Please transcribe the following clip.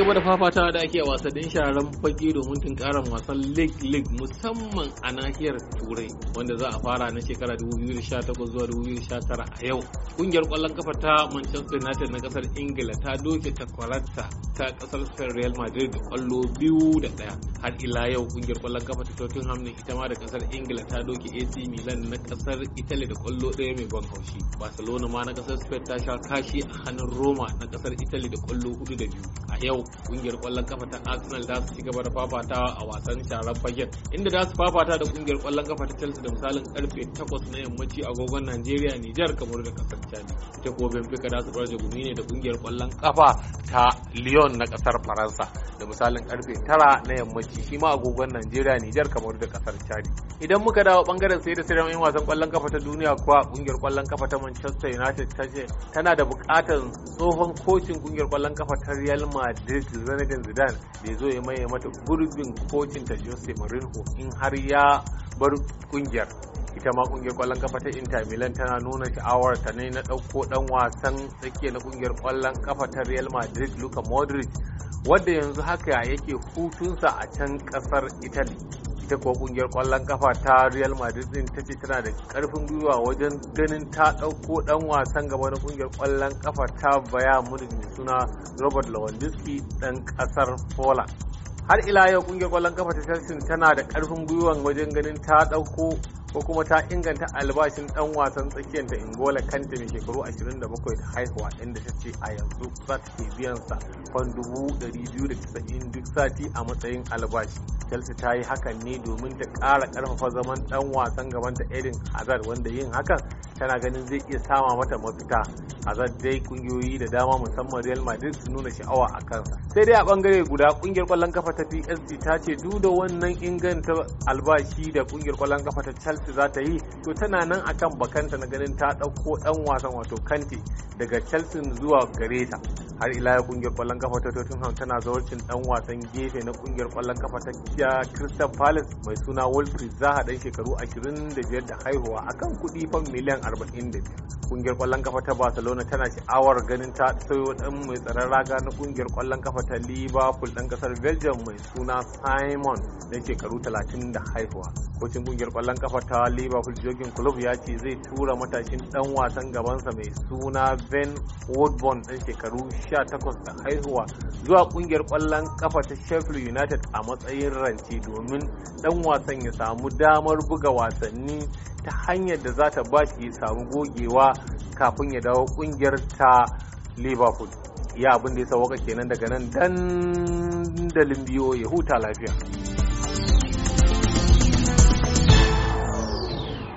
gaba da fafatawa da ake a wasannin shararren fage domin tunkarar wasan league league musamman a nahiyar turai wanda za a fara na shekara 2018 zuwa 2019 a yau kungiyar kwallon kafa ta manchester united na kasar ingila ta doke takwararta ta kasar real madrid da kwallo biyu da daya har ila yau kungiyar kwallon kafa ta Tottenham ne ita ma da kasar Ingila ta doke AC Milan na kasar Italy da kwallo ɗaya mai ban haushi. Barcelona ma na kasar Spain ta sha kashi a hannun Roma na kasar Italy da kwallo hudu da biyu. A yau kungiyar kwallon kafa ta Arsenal za su ci gaba da fafatawa a wasan sharar fagen inda za su fafata da kungiyar kwallon kafa ta Chelsea da misalin karfe 8 na yammaci a agogon Najeriya Nijar kamar da kasar Chad. Ita ko Benfica za su barje gumi ne da kungiyar kwallon kafa ta Lyon na kasar Faransa. da misalin karfe 9 na yammaci shi ma agogon Najeriya Nijar kamar da kasar Chad. Idan muka dawo bangaren sai da sayar yan wasan kwallon kafa ta duniya kuwa kungiyar kwallon kafa ta Manchester United ta ce tana da bukatar tsohon kocin kungiyar kwallon kafa ta Real Madrid Zinedine Zidane da zo ya maye mata gurbin kocin ta Jose Mourinho in har ya bar kungiyar. ita ma kungiyar kwallon kafa ta Inter Milan tana nuna sha'awar ta ne na dauko dan wasan tsakiya na kungiyar kwallon kafa ta Real Madrid Luka Modric wadda yanzu haka yake hutunsa a can kasar italy ita kuwa kungiyar kwallon kafa ta real madrid din ta ce tana da karfin gwiwa wajen ganin ta ɗauko ɗan wasan gaba na kungiyar kwallon kafa ta baya munich mai suna robert lewandowski ɗan ƙasar poland har ila yau kungiyar kwallon kafa ta chelsea tana da karfin gwiwa wajen ganin ta ɗauko ko kuma ta inganta albashin dan wasan tsakiyar da ingola kanta mai shekaru 27 da haihuwa inda ta ce a yanzu za ta ke sa kwan 290 duk sati a matsayin albashi chelsea ta yi hakan ne domin ta ƙara ƙarfafa zaman dan wasan gaban ta edin hazard wanda yin hakan tana ganin zai iya sama mata mafita hazard dai kungiyoyi da dama musamman real madrid su nuna sha'awa a kansa sai dai a bangare guda kungiyar kwallon kafa ta psg ta ce duk da wannan inganta albashi da kungiyar kwallon kafa ta chelsea za ta yi to tana nan akan bakanta na ganin ta dauko dan wasan wato kanti daga chelsea zuwa gareta har ila ya kungiyar kwallon kafa ta Tottenham tana zawarcin dan wasan gefe na kungiyar kwallon kafa ta Crystal Palace mai suna za Zaha dan shekaru 25 da haihuwa akan kudi fam miliyan 45. kungiyar kwallon kafa ta barcelona tana sha'awar ganin ta sayo dan mai tsaron raga na kungiyar kwallon kafa ta liverpool dan kasar belgium mai suna simon na shekaru 30 da haihuwa kocin kungiyar kwallon kafa ta liverpool jogin club ya ce zai tura matashin ɗan wasan gabansa mai suna ben woodburn dan shekaru 18 da haihuwa zuwa kungiyar kwallon kafa ta sheffield united a matsayin rance domin ɗan wasan ya samu damar buga wasanni ta hanyar da za ta ba shi samu gogewa kafin ya dawo kungiyar ta liverpool ya abin da ya sauwaka kenan daga nan dandalin biyo ya huta lafiya